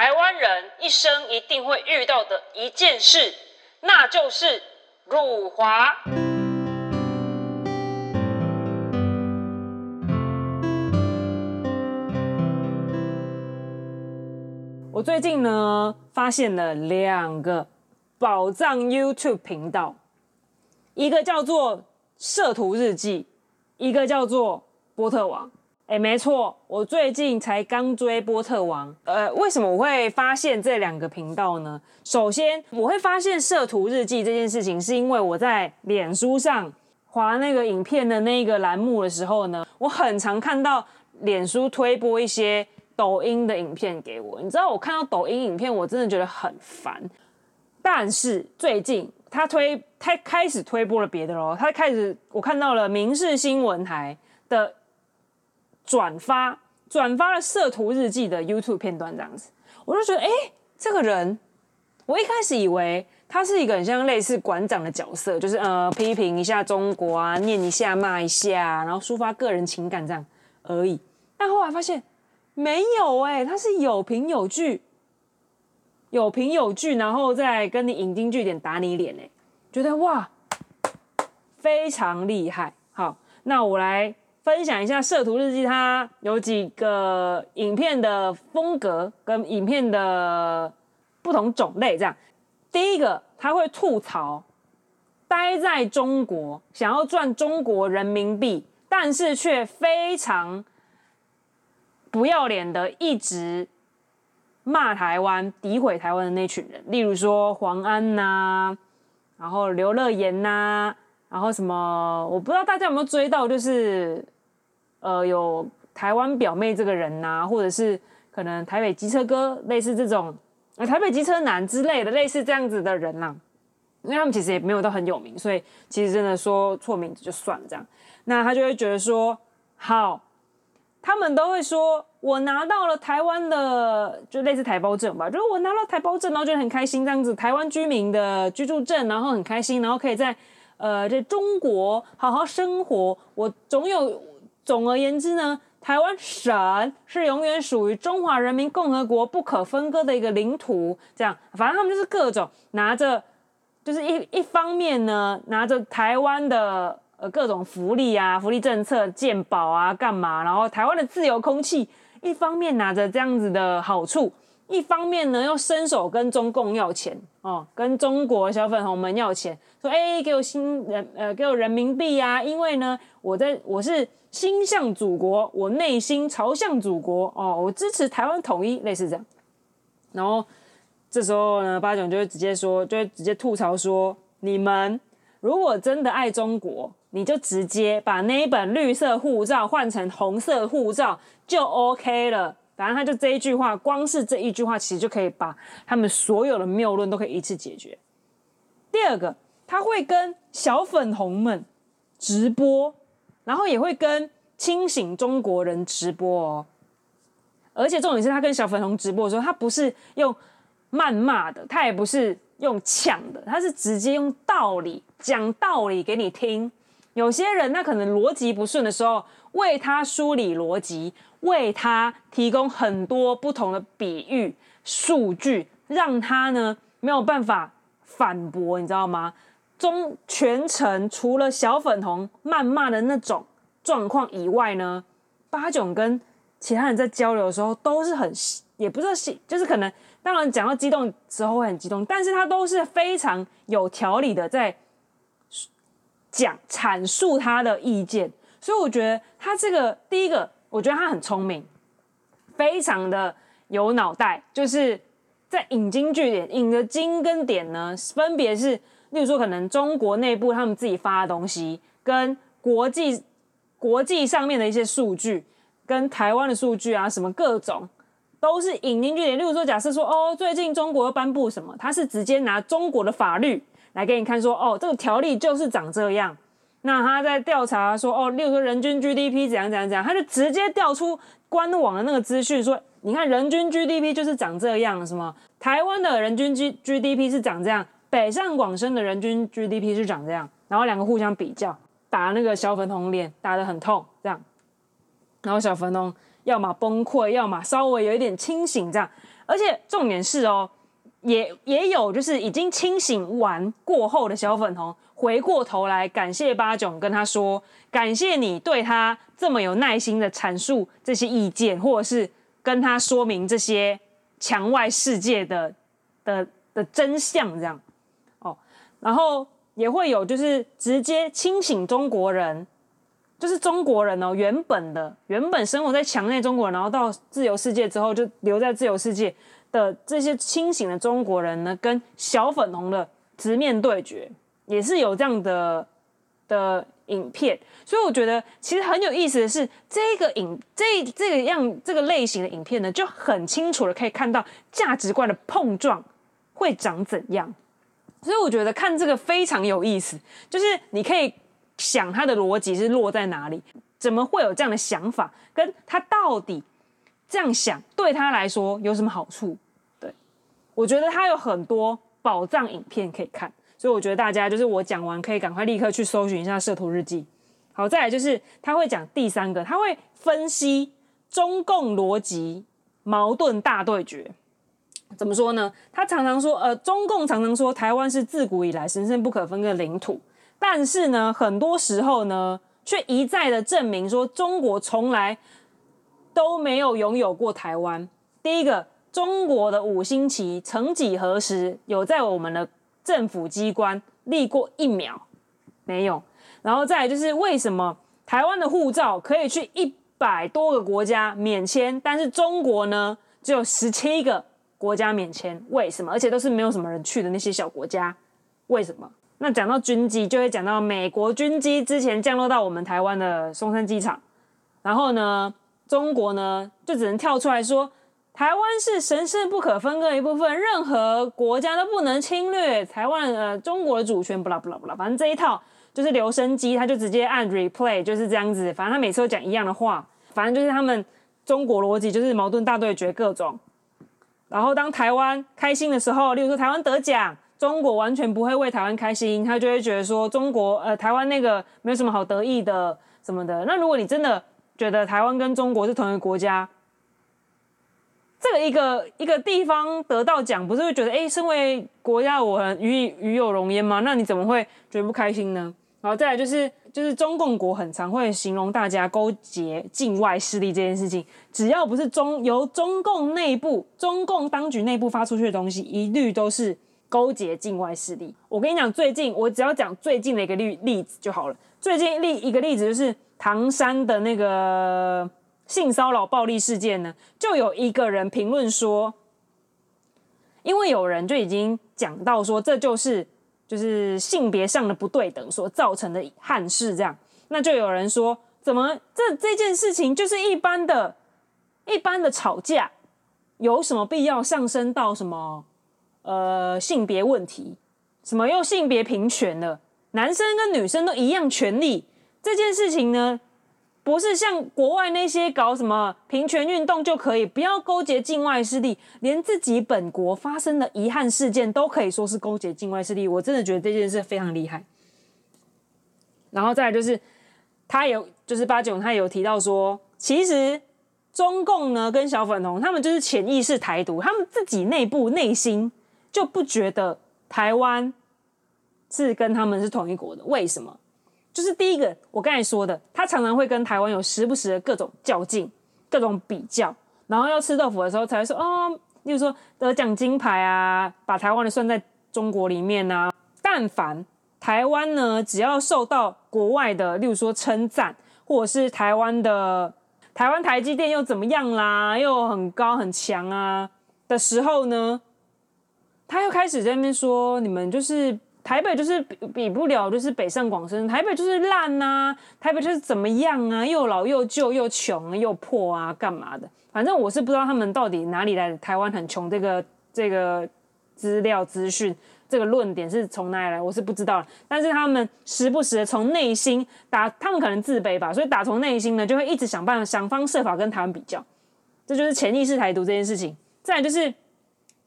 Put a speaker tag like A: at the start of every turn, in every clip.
A: 台灣人一生一定會遇到的一件事，那就是辱華。我最近呢，發現了兩個寶藏 YouTube 頻道，一個叫做“攝圖日記”，一個叫做“波特王”。誒，沒錯，我最近才剛追波特王。呃，為什麼我會發現這兩個頻道呢？首先，我會發現攝圖日記這件事情，是因為我在臉書上滑那個影片的那個欄目的時候呢，我很常看到臉書推播一些抖音的影片給我。你知道，我看到抖音影片，我真的覺得很煩。但是最近他推，他開始推播了別的嘍，他開始，我看到了民視新聞台的。轉發轉發了《攝圖日記》的 YouTube 片段，這樣子，我就覺得，哎、欸，這個人，我一開始以為他是一個很像類似館長的角色，就是呃，批評一下中國啊，念一下罵一下，然後抒發個人情感這樣而已。但後來發現沒有、欸，哎，他是有憑有據，有憑有據，然後再跟你引經據典打你臉，呢，覺得哇，非常厲害。好，那我來。分享一下《攝圖日記》，他有幾個影片的風格跟影片的不同種類。這樣，第一個他會吐槽，待在中國想要賺中國人民幣，但是卻非常不要臉的一直罵台灣、詆毀台灣的那群人，例如說黃安吶、啊，然後劉樂言吶、啊，然後什麼我不知道大家有沒有追到，就是。呃，有台灣表妹這個人吶、啊，或者是可能台北機車哥，類似這種，呃，台北機車男之類的，類似這樣子的人啦、啊。因為他們其實也沒有到很有名，所以其實真的說錯名字就算了這樣。那他就會覺得說，好，他們都會說我拿到了台灣的，就類似台胞證吧，就是我拿到台胞證，然後覺得很開心這樣子，台灣居民的居住證，然後很開心，然後可以在呃這中國好好生活，我總有。總而言之呢，台灣省是永遠屬於中華人民共和國不可分割的一個領土。這樣，反正他們就是各種拿着，就是一一方面呢，拿着台灣的、呃、各種福利啊、福利政策、健保啊，幹嘛？然後台灣的自由空氣，一方面拿着這樣子的好處。一方面呢，又伸手跟中共要錢哦，跟中國小粉紅們要錢，說哎、欸，給我新人呃，給我人民幣呀、啊，因為呢，我在我是心向祖國，我內心朝向祖國哦，我支持台灣統一，類似這樣。然後這時候呢，八九就會直接說，就會直接吐槽說，你們如果真的愛中國，你就直接把那一本綠色護照換成紅色護照就 OK 了。反正他就這一句話，光是這一句話，其實就可以把他們所有的謬論都可以一次解決。第二個，他會跟小粉紅們直播，然後也會跟清醒中國人直播哦。而且重點是他跟小粉紅直播的時候，他不是用謾罵的，他也不是用嗆的，他是直接用道理，講道理給你聽。有些人那可能邏輯不順的時候，為他梳理邏輯，為他提供很多不同的比喻、數據，讓他呢沒有辦法反駁，你知道嗎？中全程除了小粉紅謾罵的那種狀況以外呢，八炯跟其他人在交流的時候都是很，也不知道是就是可能，當然講到激動時候會很激動，但是他都是非常有條理的在講闡述他的意見，所以我覺得他這個第一個，我覺得他很聰明，非常的有腦袋，就是在引經據典，引的經跟典呢，分別是例如說可能中國內部他們自己發的東西，跟國際國際上面的一些數據，跟台灣的數據啊，什麼各種都是引經據典。例如說，假設說哦，最近中國要頒布什麼，他是直接拿中國的法律。來給你看說哦，這個條例就是長這樣。那他在調查說哦，例如說人均 GDP 怎樣怎樣怎樣，他就直接調出官網的那個資訊說，你看人均 GDP 就是長這樣。是嗎？台灣的人均 G GDP 是長這樣，北上廣深的人均 GDP 是長這樣。然後兩個互相比較，打那個小粉紅臉打得很痛，這樣。然後小粉紅要麼崩潰，要麼稍微有一點清醒，這樣。而且重點是哦。也也有，就是已經清醒完過後的小粉紅，回過頭來感謝八炯，跟他說，感謝你對他這麼有耐心的闡述這些意見，或者是跟他說明這些牆外世界的的的真相，這樣哦。然後也會有就是直接清醒中國人，就是中國人哦，原本的原本生活在牆內中國人，然後到自由世界之後就留在自由世界。的這些清醒的中國人呢，跟小粉紅的直面對決，也是有這樣的的影片。所以我覺得其實很有意思的是，這個影這這個樣這個類型的影片呢，就很清楚的可以看到價值觀的碰撞會長怎樣。所以我覺得看這個非常有意思，就是你可以想它的邏輯是落在哪裡，怎麼會有這樣的想法，跟它到底。這樣想對他來說有什麼好處？對，我覺得他有很多寶藏影片可以看，所以我覺得大家就是我講完，可以趕快立刻去搜尋一下《攝圖日記》。好，再來就是他會講第三個，他會分析中共邏輯矛盾大對決。怎麼說呢？他常常說，呃，中共常常說台灣是自古以來神聖不可分割的領土，但是呢，很多時候呢，卻一再的證明說中國從來。都沒有擁有過台灣。第一個，中國的五星旗曾幾何時有在我們的政府機關立過一秒？沒有。然後再來就是為什麼台灣的護照可以去一百多個國家免簽，但是中國呢，只有十七個國家免簽？為什麼？而且都是沒有什麼人去的那些小國家？為什麼？那講到軍機，就會講到美國軍機之前降落到我們台灣的松山機場，然後呢？中國呢，就只能跳出來說，台灣是神聖不可分割的一部分，任何國家都不能侵略台灣。呃，中國的主權，不啦不啦不啦，反正這一套就是留聲機，他就直接按 replay，就是這樣子。反正他每次都講一樣的話，反正就是他們中國邏輯，就是矛盾大對決各種。然後當台灣開心的時候，例如說台灣得獎，中國完全不會為台灣開心，他就會覺得說中國呃台灣那個沒有什麼好得意的什麼的。那如果你真的。覺得台灣跟中國是同一個國家，這個一個一個地方得到獎，不是會覺得哎，身為國家我很與與有榮焉嗎？那你怎麼會覺得不開心呢？然後再來就是就是中共國很常會形容大家勾結境外勢力這件事情，只要不是中由中共內部、中共當局內部發出去的東西，一律都是勾結境外勢力。我跟你講，最近我只要講最近的一個例例子就好了。最近一例一個例子就是。唐山的那個性騷擾暴力事件呢，就有一個人評論說：“因為有人就已經講到說，這就是就是性別上的不對等所造成的憾事。”這樣，那就有人說：“怎麼這這件事情就是一般的、一般的吵架，有什麼必要上升到什麼呃性別問題？什麼又性別平權了？男生跟女生都一樣權利？”這件事情呢，不是像國外那些搞什麼平權運動就可以，不要勾結境外勢力，連自己本國發生的遺憾事件都可以說是勾結境外勢力。我真的覺得這件事非常厲害。然後再來就是，他有就是八九，他有提到說，其實中共呢跟小粉紅，他們就是潛意識台獨，他們自己內部內心就不覺得台灣是跟他們是同一國的，為什麼？就是第一個，我剛才說的，他常常會跟台灣有時不時的各種較勁、各種比較，然後要吃豆腐的時候才會說，哦，例如說得獎金牌啊，把台灣的算在中國裡面啊。但凡台灣呢，只要受到國外的，例如說稱讚，或者是台灣的台灣台積電又怎麼樣啦，又很高很強啊的時候呢，他又開始在那邊說，你們就是。台北就是比比不了，就是北上廣深。台北就是爛啊，台北就是怎麼樣啊，又老又舊又窮又破啊，幹嘛的？反正我是不知道他們到底哪裡來的台灣很窮這個這個資料資訊這個論點是從哪裡來，我是不知道。但是他們時不時的從內心打，他們可能自卑吧，所以打從內心呢就會一直想辦法想方設法跟台灣比較，這就是潛意識台獨這件事情。再來就是，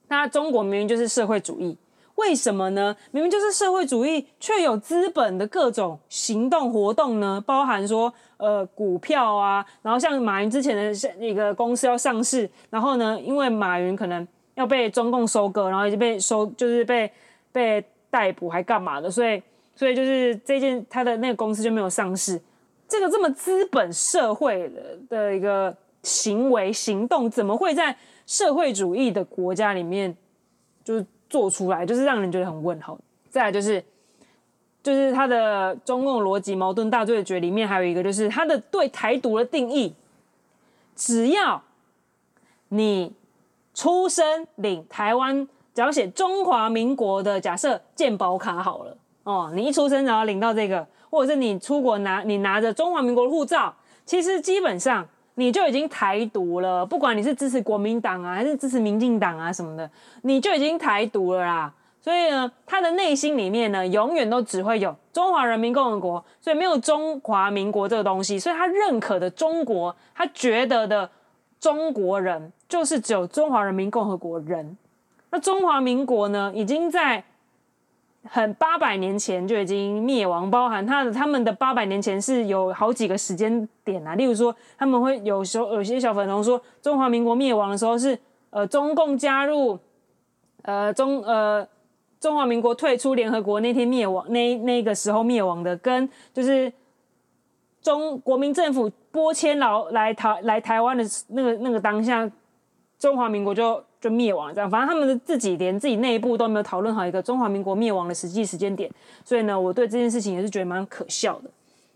A: 那中國明明就是社會主義。為什麼呢？明明就是社會主義，却有資本的各種行動活動呢？包含說，呃，股票啊，然後像馬雲之前的那個公司要上市，然後呢，因為馬雲可能要被中共收割，然後已經被收，就是被被逮捕還幹嘛的？所以，所以就是這間他的那個公司就沒有上市。這個這麼資本社會的的一個行為行動，怎麼會在社會主義的國家裡面就？做出來就是讓人覺得很問候。再來就是，就是他的中共邏輯矛盾大對決裡面還有一個，就是他的對台獨的定義。只要你出生領台灣，只要寫中華民國的假設健保卡好了哦，你一出生然後領到這個，或者是你出國拿你拿着中華民國的護照，其實基本上。你就已經台獨了，不管你是支持國民黨啊，還是支持民進黨啊什麼的，你就已經台獨了啦。所以呢，他的內心裡面呢，永遠都只會有中華人民共和國，所以沒有中華民國這個東西。所以他認可的中國，他覺得的中國人，就是只有中華人民共和國人。那中華民國呢，已經在。很八百年前就已經滅亡，包含他的他們的八百年前是有好幾個時間點啊。例如說，他們會有時候有些小粉紅說，中華民國滅亡的時候是呃中共加入，呃中呃中華民國退出聯合國那天滅亡，那那個時候滅亡的，跟就是中國民政府播遷勞來台來台灣的那個那個當下，中華民國就。就滅亡這樣，反正他們的自己連自己內部都沒有討論好一個中華民國滅亡的實際時間點，所以呢，我對這件事情也是覺得蠻可笑的。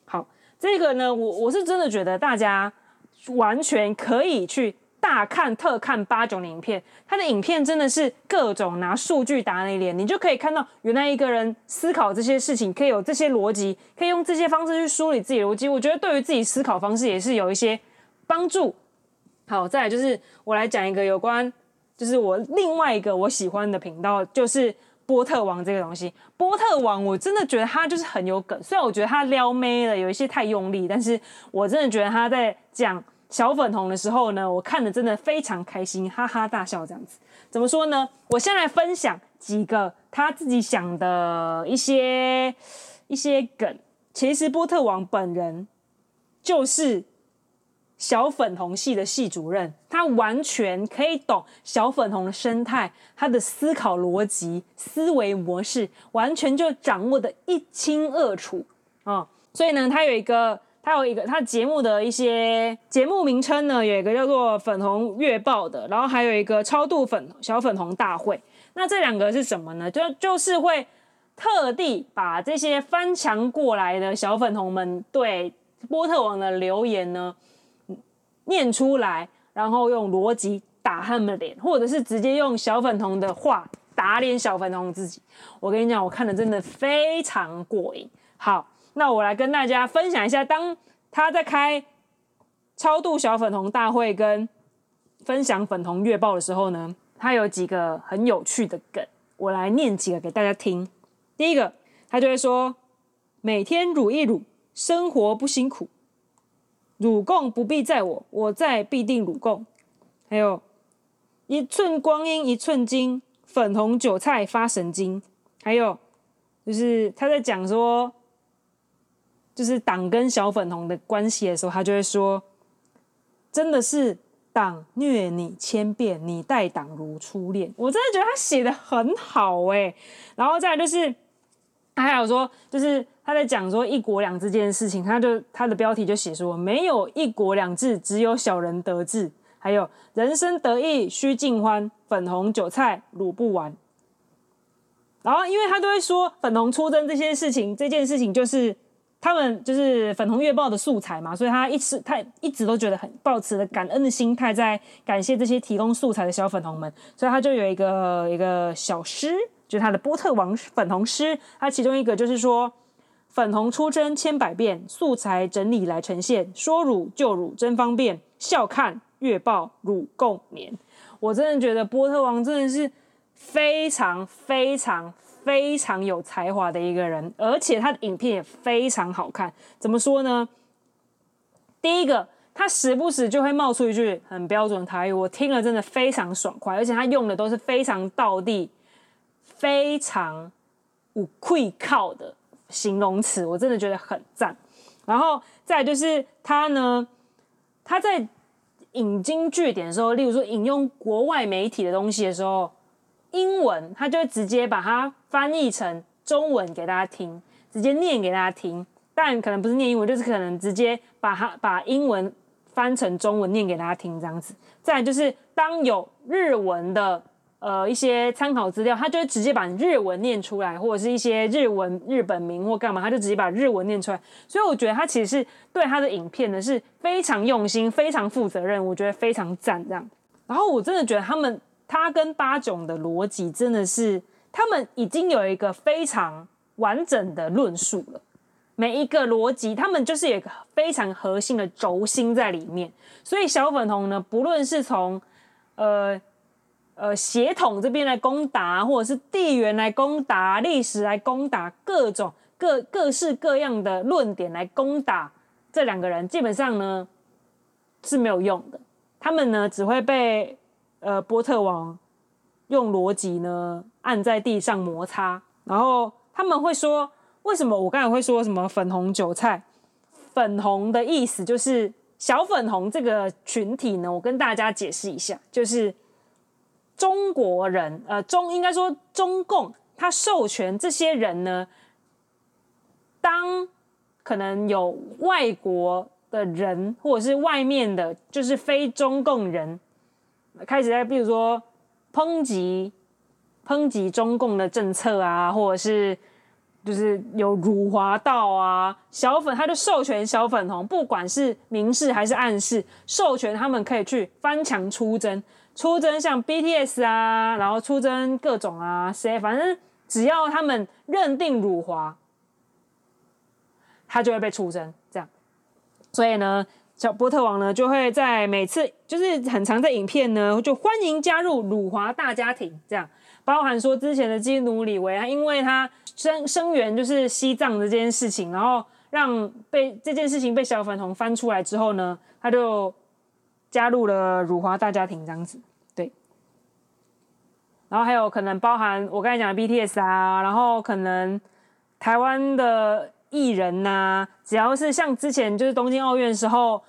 A: 好，這個呢，我我是真的覺得大家完全可以去大看特看八炯的影片，他的影片真的是各種拿數據打臉，你就可以看到原來一個人思考這些事情可以有這些邏輯，可以用這些方式去梳理自己的邏輯，我覺得對於自己思考方式也是有一些幫助。好，再來就是我來講一個有關。就是我另外一個我喜歡的頻道，就是波特王這個東西。波特王，我真的覺得他就是很有梗。雖然我覺得他撩妹了有一些太用力，但是我真的覺得他在講小粉紅的時候呢，我看的真的非常開心，哈哈大笑這樣子。怎麼說呢？我先來分享幾個他自己想的一些一些梗。其實波特王本人就是。小粉紅系的系主任，他完全可以懂小粉紅的生態，他的思考邏輯、思維模式，完全就掌握得一清二楚啊、嗯！所以呢，他有一個，他有一個，他節目的一些節目名稱呢，有一個叫做《粉紅月報》的，然後還有一個《超度粉小粉紅大會》。那這兩個是什麼呢？就就是會特地把這些翻牆過來的小粉紅們對波特王的留言呢，念出來，然後用邏輯打他們的臉，或者是直接用小粉紅的話打臉小粉紅自己。我跟你講，我看的真的非常過癮。好，那我來跟大家分享一下，當他在開超度小粉紅大會跟分享粉紅月報的時候呢，他有幾個很有趣的梗，我來念幾個給大家聽。第一個，他就會說：“每天擼一擼，生活不辛苦。”辱共不必在我，我在必定辱共。還有，一寸光陰一寸金，粉紅韭菜發神經。還有，就是他在講說，就是黨跟小粉紅的關係的時候，他就會說，真的是黨虐你千遍，你待黨如初戀。我真的覺得他寫的很好誒、欸，然後再來就是。他還有說，就是他在講說一國兩制這件事情，他就他的標題就寫說，沒有一國兩制，只有小人得志。還有人生得意須盡歡，粉紅韭菜擼不完。然後，因為他都會說粉紅出征這些事情，這件事情就是他們就是粉紅月報的素材嘛，所以他一直他一直都覺得很抱持的感恩的心態，在感謝這些提供素材的小粉紅們，所以他就有一個一個小詩。就是他的波特王粉紅詩，他其中一個就是說：“粉紅出征千百遍，素材整理來呈現，說辱就辱真方便，笑看月報辱共勉。”我真的覺得波特王真的是非常非常非常有才華的一個人，而且他的影片也非常好看。怎麼說呢？第一個，他時不時就會冒出一句很標準的台語，我聽了真的非常爽快，而且他用的都是非常道地。非常有愧靠的形容詞，我真的覺得很贊。然後再來就是他呢，他在引經據典的時候，例如說引用國外媒體的東西的時候，英文他就會直接把它翻譯成中文給大家聽，直接念給大家聽。但可能不是念英文，就是可能直接把它把英文翻成中文念給大家聽這樣子。再來就是當有日文的。呃，一些參考資料，他就會直接把日文念出來，或者是一些日文日本名或幹嘛，他就直接把日文念出來。所以我覺得他其實是對他的影片呢是非常用心、非常負責任，我覺得非常讚這樣。然後我真的覺得他們他跟八炯的邏輯真的是，他們已經有一個非常完整的論述了，每一個邏輯他們就是有一個非常核心的軸心在裡面。所以小粉紅呢，不論是從呃。呃，血統這邊來攻打，或者是地緣來攻打，歷史來攻打，各種各各式各樣的論點來攻打這兩個人，基本上呢是沒有用的。他們呢只會被呃波特王用邏輯呢按在地上摩擦，然後他們會說：為什麼我剛才會說什麼粉紅韭菜？粉紅的意思就是小粉紅這個群體呢，我跟大家解釋一下，就是。中國人，呃，中應該說中共，他授權這些人呢，當可能有外國的人，或者是外面的，就是非中共人，開始在比如說抨擊、抨擊中共的政策啊，或者是就是有辱華道啊，小粉他就授權小粉紅，不管是明示還是暗示，授權他們可以去翻牆出征。出征像 BTS 啊，然後出征各種啊，誰反正只要他們認定辱華，他就會被出征這樣。所以呢，小波特王呢就會在每次就是很常在影片呢，就歡迎加入辱華大家庭這樣。包含說之前的基努·李維啊，因為他聲聲援就是西藏的這件事情，然後讓被這件事情被小粉紅翻出來之後呢，他就。加入了辱華大家庭這樣子，對。然後還有可能包含我剛才講的 BTS 啊，然後可能台灣的藝人吶、啊，只要是像之前就是東京奧運的時候，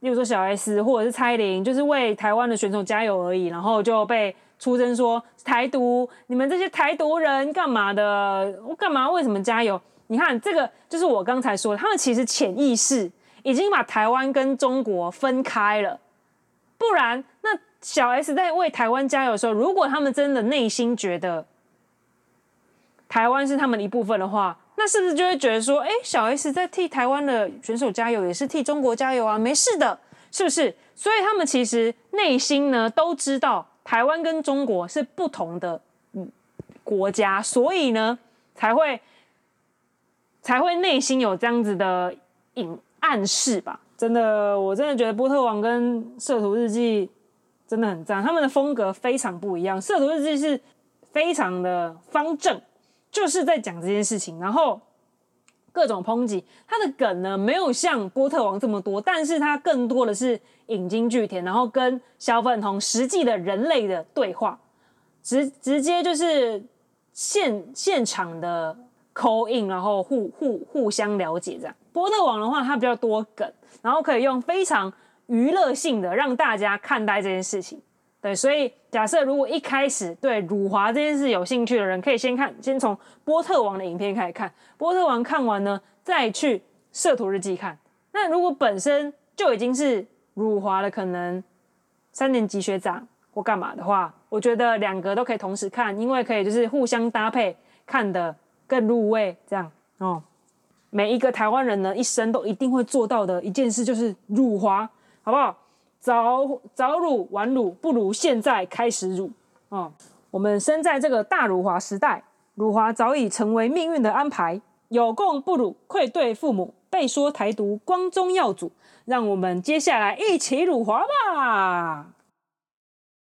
A: 比如說小 S 或者是蔡玲，就是為台灣的選手加油而已，然後就被出征說台獨，你們這些台獨人幹嘛的？我幹嘛？為什麼加油？你看這個就是我剛才說的，他們其實潛意識已經把台灣跟中國分開了。不然，那小 S 在為台灣加油的時候，如果他們真的內心覺得台灣是他們的一部分的話，那是不是就會覺得說，哎、欸，小 S 在替台灣的選手加油，也是替中國加油啊？沒事的，是不是？所以他們其實內心呢都知道，台灣跟中國是不同的國家，所以呢才會才會內心有這樣子的隱暗示吧。真的，我真的覺得《波特王》跟《色圖日記》真的很讚，他們的風格非常不一樣。《色圖日記》是非常的方正，就是在講這件事情，然後各種抨擊。他的梗呢，沒有像《波特王》這麼多，但是他更多的是引經據典，然後跟肖粉同實際的人類的對話，直直接就是現現場的 call in，然後互互互相了解這樣。波特王的話，它比較多梗，然後可以用非常娛樂性的讓大家看待這件事情。對，所以假設如果一開始對辱華這件事有興趣的人，可以先看，先從波特王的影片開始看。波特王看完呢，再去攝圖日記看。那如果本身就已經是辱華的，可能三年級學長或幹嘛的話，我覺得兩個都可以同時看，因為可以就是互相搭配看得更入味，這樣哦。嗯每一個台灣人呢，一生都一定會做到的一件事，就是辱華，好不好？早早辱，晚辱不如現在開始辱。哦、嗯，我們生在這個大辱華時代，辱華早已成為命運的安排。有共不辱，愧對父母；被說台獨，光宗耀祖。讓我們接下來一起辱華吧。